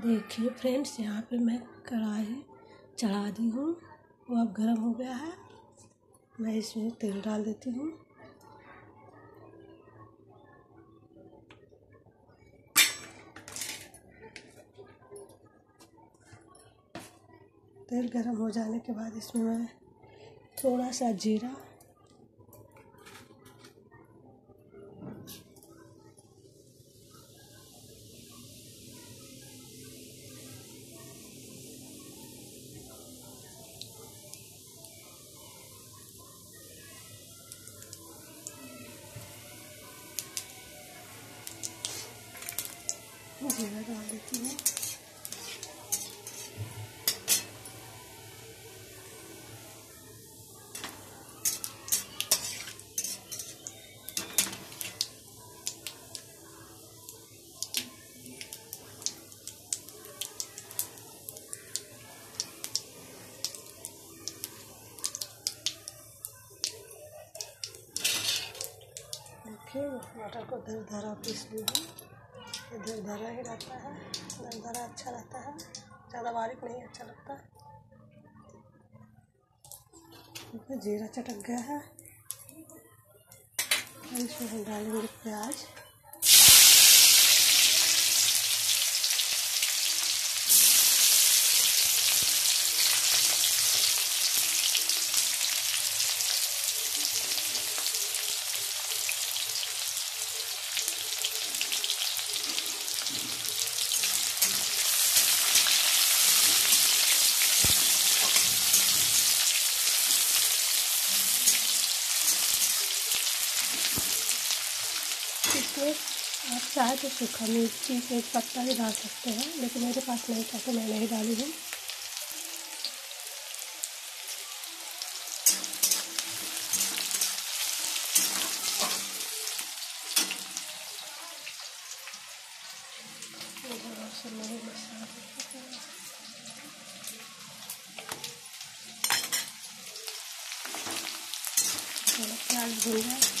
देखिए फ्रेंड्स यहाँ पे मैं कढ़ाई चढ़ा दी हूँ वो अब गर्म हो गया है मैं इसमें तेल डाल देती हूँ तेल गर्म हो जाने के बाद इसमें मैं थोड़ा सा जीरा घेरा डाल देती हूँ मटर को धर धरा पीस लीजिए इधर उधर ही रहता है इधर उधर अच्छा रहता है ज़्यादा बारीक नहीं अच्छा लगता जीरा चटक गया है इसमें हम डालेंगे प्याज इसमें आप चाहे तो सूखा मिर्ची तेज पत्ता भी डाल सकते हैं लेकिन मेरे पास नहीं था तो मैं नहीं डाली हूँ प्याज भून जाए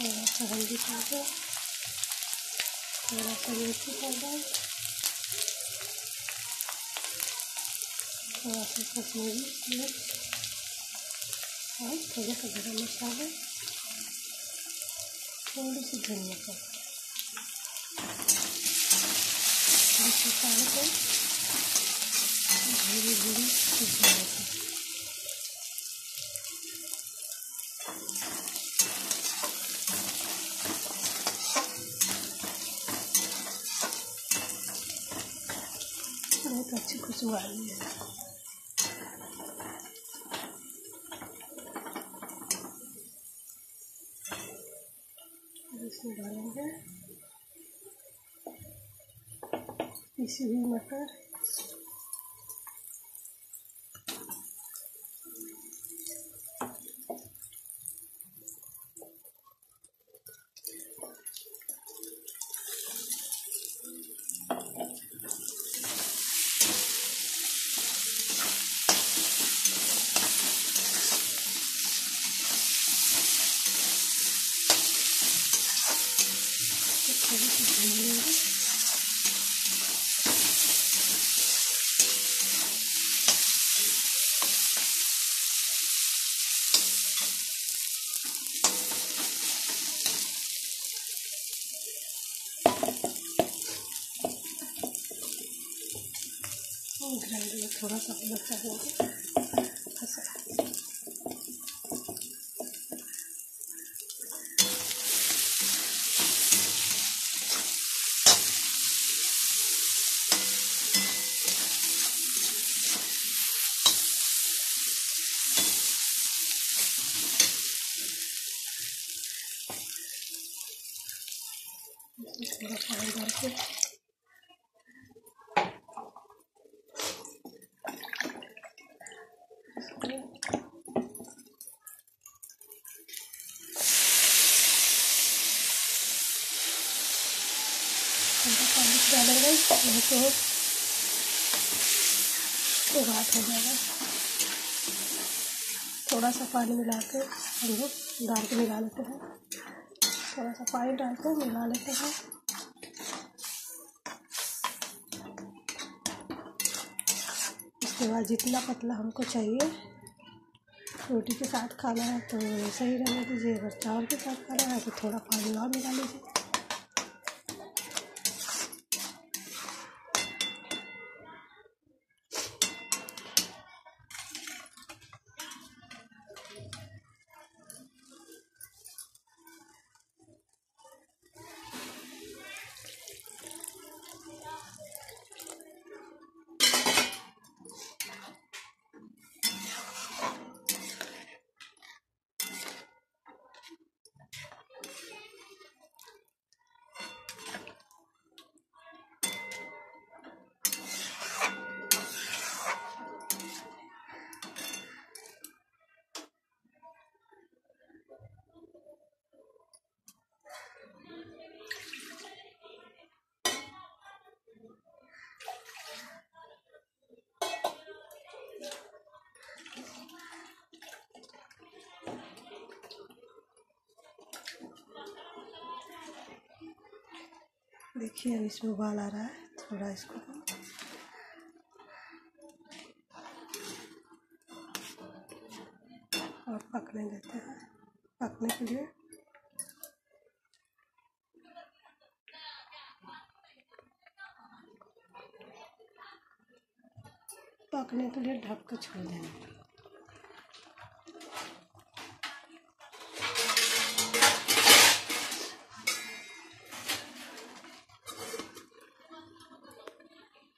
थोड़ा सा हल्दी पाउडर थोड़ा सा मिर्ची पाउडर थोड़ा सा कश्मीरी मिर्च और थोड़ा सा गरम मसाला थोड़ी सी धनिया पाउडर मसाले को तो धीरे धीरे सिखाया था बहुत अच्छी खुशबू आ रही है इसमें डालेंगे Если не хватает. Thank you. ग्राइंडर थोड़ा सा बच्चा होगा फंसा थोड़ा डालेंगे नहीं तो बात हो जाएगा थोड़ा सा पानी मिला के हम लोग दाल को मिला लेते हैं थोड़ा सा पानी डाल के मिला लेते हैं उसके बाद जितना पतला हमको चाहिए रोटी के साथ खाना है तो सही रहने दीजिए अगर चावल के साथ खाना है तो थोड़ा पानी और मिला लीजिए देखिए अब इसमें उबाल आ रहा है थोड़ा इसको और पकने देते हैं पकने के लिए पकने के लिए ढक के छोड़ देंगे